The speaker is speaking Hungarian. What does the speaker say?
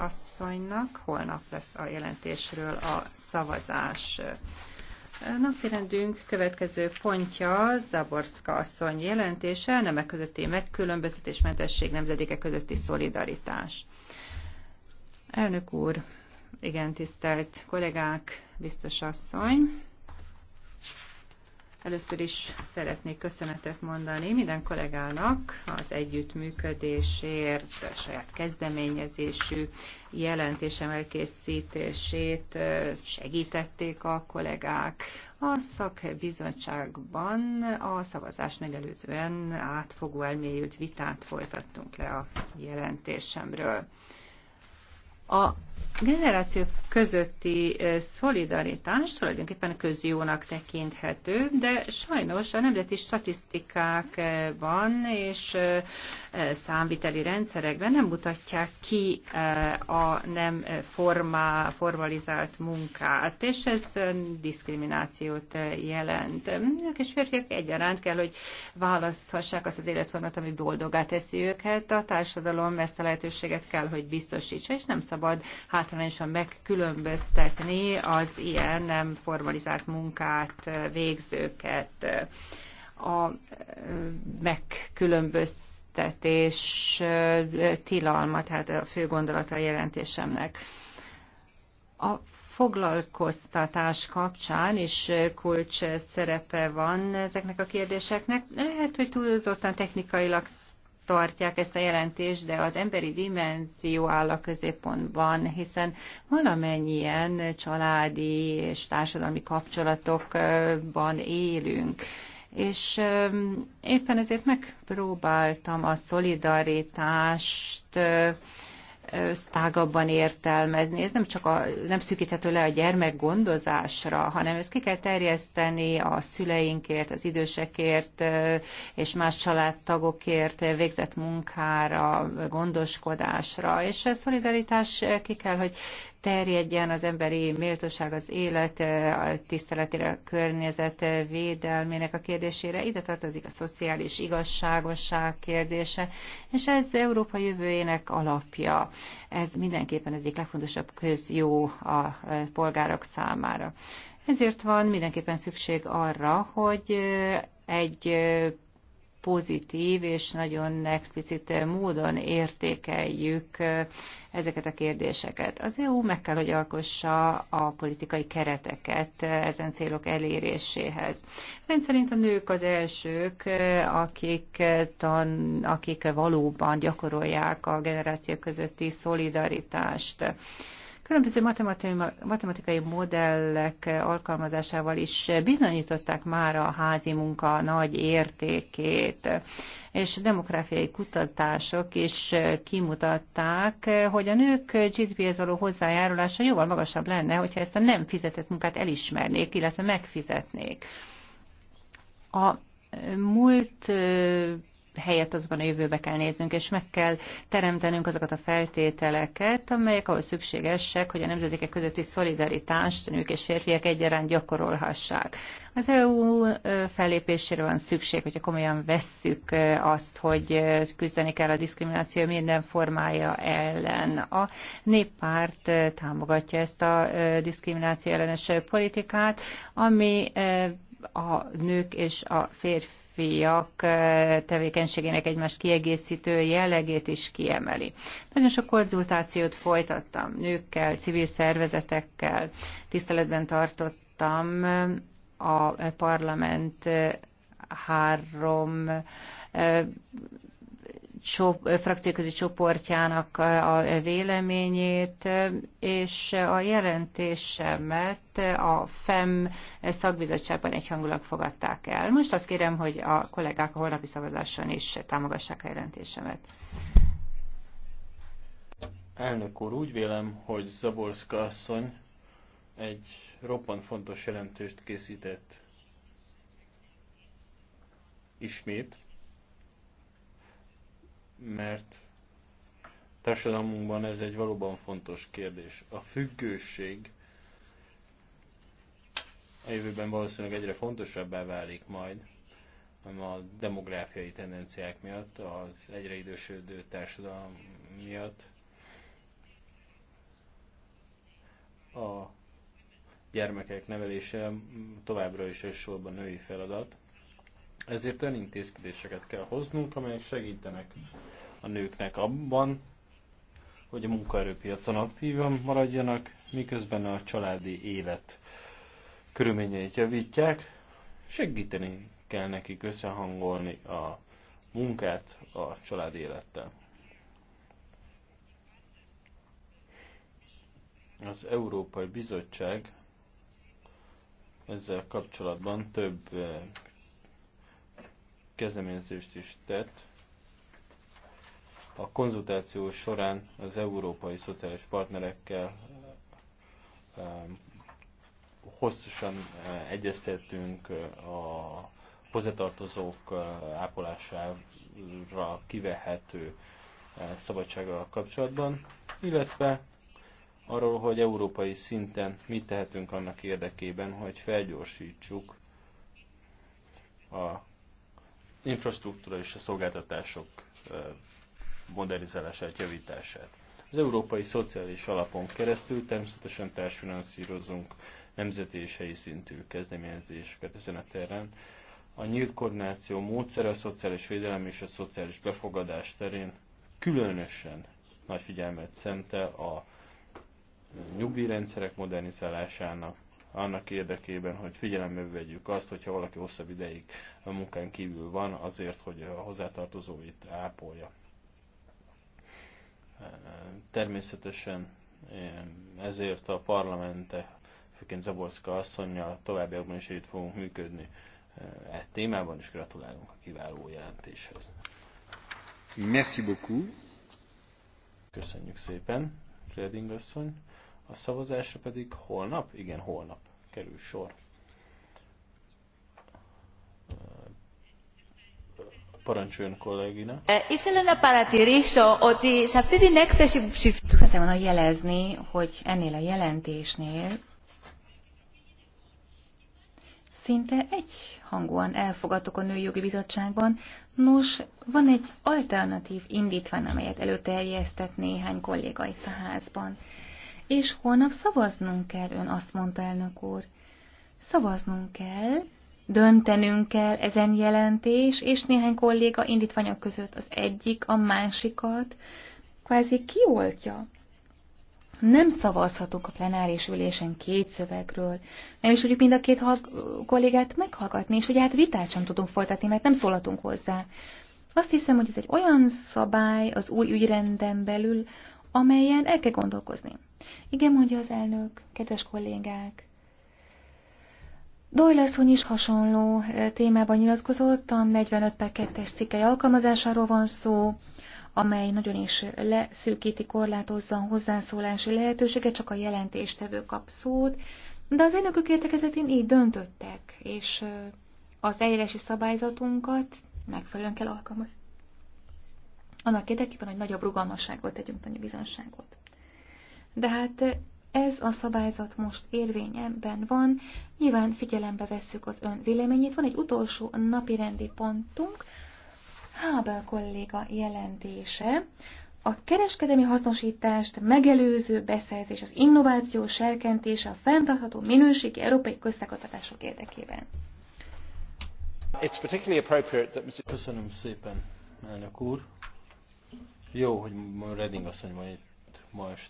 asszonynak. Holnap lesz a jelentésről a szavazás. Napirendünk következő pontja Zaborska asszony jelentése, nemek közötti megkülönböztetésmentesség, nemzedéke közötti szolidaritás. Elnök úr, igen, tisztelt kollégák, biztos asszony. Először is szeretnék köszönetet mondani minden kollégának az együttműködésért, a saját kezdeményezésű jelentésem elkészítését segítették a kollégák. A szakbizottságban a szavazás megelőzően átfogó elmélyült vitát folytattunk le a jelentésemről. A generációk közötti szolidaritás tulajdonképpen közjónak tekinthető, de sajnos a nemzeti van és számviteli rendszerekben nem mutatják ki a nem formá, formalizált munkát, és ez diszkriminációt jelent. Nők és férfiak egyaránt kell, hogy választhassák azt az életformát, ami boldogá teszi őket. A társadalom ezt a lehetőséget kell, hogy biztosítsa, és nem szabad szabad hátrányosan megkülönböztetni az ilyen nem formalizált munkát végzőket. A megkülönböztetés tilalma, tehát a fő gondolata a jelentésemnek. A foglalkoztatás kapcsán is kulcs szerepe van ezeknek a kérdéseknek. Lehet, hogy túlzottan technikailag tartják ezt a jelentést, de az emberi dimenzió áll a középpontban, hiszen valamennyien családi és társadalmi kapcsolatokban élünk és éppen ezért megpróbáltam a szolidaritást tágabban értelmezni. Ez nem csak a, nem szűkíthető le a gyermek gondozásra, hanem ezt ki kell terjeszteni a szüleinkért, az idősekért és más családtagokért végzett munkára, gondoskodásra. És a szolidaritás ki kell, hogy terjedjen az emberi méltóság, az élet a tiszteletére, a környezet védelmének a kérdésére. Ide tartozik a szociális igazságosság kérdése, és ez Európa jövőjének alapja. Ez mindenképpen egyik legfontosabb közjó a e, polgárok számára. Ezért van mindenképpen szükség arra, hogy e, egy e, pozitív és nagyon explicit módon értékeljük ezeket a kérdéseket. Az EU meg kell, hogy alkossa a politikai kereteket ezen célok eléréséhez. Rendszerint a nők az elsők, akik, tan, akik valóban gyakorolják a generáció közötti szolidaritást. Különböző matematikai modellek alkalmazásával is bizonyították már a házi munka nagy értékét, és demográfiai kutatások is kimutatták, hogy a nők GDP-hez való hozzájárulása jóval magasabb lenne, hogyha ezt a nem fizetett munkát elismernék, illetve megfizetnék. A múlt helyett azban a jövőbe kell néznünk, és meg kell teremtenünk azokat a feltételeket, amelyek ahhoz szükségesek, hogy a nemzetek közötti szolidaritást nők és férfiak egyaránt gyakorolhassák. Az EU fellépésére van szükség, hogyha komolyan vesszük azt, hogy küzdeni kell a diszkrimináció minden formája ellen. A néppárt támogatja ezt a diszkrimináció ellenes politikát, ami a nők és a férfi férfiak tevékenységének egymás kiegészítő jellegét is kiemeli. Nagyon sok konzultációt folytattam nőkkel, civil szervezetekkel, tiszteletben tartottam a parlament három frakcióközi csoportjának a véleményét, és a jelentésemet a FEM szakbizottságban egyhangulag fogadták el. Most azt kérem, hogy a kollégák a holnapi szavazáson is támogassák a jelentésemet. Elnök úr, úgy vélem, hogy Zaborszka asszony egy roppant fontos jelentést készített ismét, mert társadalmunkban ez egy valóban fontos kérdés. A függőség a jövőben valószínűleg egyre fontosabbá válik majd a demográfiai tendenciák miatt, az egyre idősödő társadalom miatt. A gyermekek nevelése továbbra is elsősorban női feladat, ezért olyan intézkedéseket kell hoznunk, amelyek segítenek a nőknek abban, hogy a munkaerőpiacon aktívan maradjanak, miközben a családi élet körülményeit javítják. Segíteni kell nekik összehangolni a munkát a családi élettel. Az Európai Bizottság ezzel kapcsolatban több eh, kezdeményezést is tett. A konzultáció során az európai szociális partnerekkel eh, hosszasan eh, egyeztettünk eh, a hozzátartozók ápolására kivehető szabadsággal kapcsolatban, illetve arról, hogy európai szinten mit tehetünk annak érdekében, hogy felgyorsítsuk a infrastruktúra és a szolgáltatások modernizálását, javítását. Az Európai Szociális Alapon keresztül természetesen társfinanszírozunk nemzeti és helyi szintű kezdeményezéseket ezen a terren. A nyílt koordináció módszere a szociális védelem és a szociális befogadás terén különösen nagy figyelmet szentel a nyugdíjrendszerek modernizálásának, annak érdekében, hogy figyelembe vegyük azt, hogyha valaki hosszabb ideig a munkán kívül van, azért, hogy a hozzátartozóit ápolja. Természetesen ezért a parlamente, főként Zaborszka asszonynal továbbiakban is együtt fogunk működni e témában, és gratulálunk a kiváló jelentéshez. Merci beaucoup. Köszönjük szépen, Reding asszony. A szavazásra pedig holnap? Igen, holnap kerül sor. Parancsoljon kollégina. Ήθελα να παρατηρήσω ότι hogy αυτή την έκθεση που ψηφίσατε jelezni, hogy ennél a jelentésnél szinte egyhangúan elfogadtuk a Nőjogi Bizottságban. Nos, van egy alternatív indítvány, amelyet előterjesztett néhány kolléga itt a házban és holnap szavaznunk kell, ön azt mondta elnök úr. Szavaznunk kell, döntenünk kell ezen jelentés és néhány kolléga indítványok között az egyik, a másikat kvázi kioltja. Nem szavazhatunk a plenáris ülésen két szövegről. Nem is tudjuk mind a két kollégát meghallgatni, és ugye hát vitát sem tudunk folytatni, mert nem szólhatunk hozzá. Azt hiszem, hogy ez egy olyan szabály az új ügyrenden belül, amelyen el kell gondolkozni. Igen, mondja az elnök, kedves kollégák. Doyle asszony is hasonló eh, témában nyilatkozott, a 45 per 2-es cikkely alkalmazásáról van szó, amely nagyon is leszűkíti, korlátozza a hozzászólási lehetőséget, csak a jelentéstevő kap szót, de az elnökök értekezetén így döntöttek, és eh, az eljárási szabályzatunkat megfelelően kell alkalmazni. Annak érdekében, hogy nagyobb rugalmasságot tegyünk bizonságot de hát ez a szabályzat most érvényben van, nyilván figyelembe vesszük az ön véleményét. Van egy utolsó napi rendi pontunk, Hábel kolléga jelentése, a kereskedelmi hasznosítást megelőző beszerzés, az innováció serkentése a fenntartható minőségi európai közszakadtatások érdekében. That... Köszönöm szépen, elnök úr. Jó, hogy Redding asszony ma itt ma este.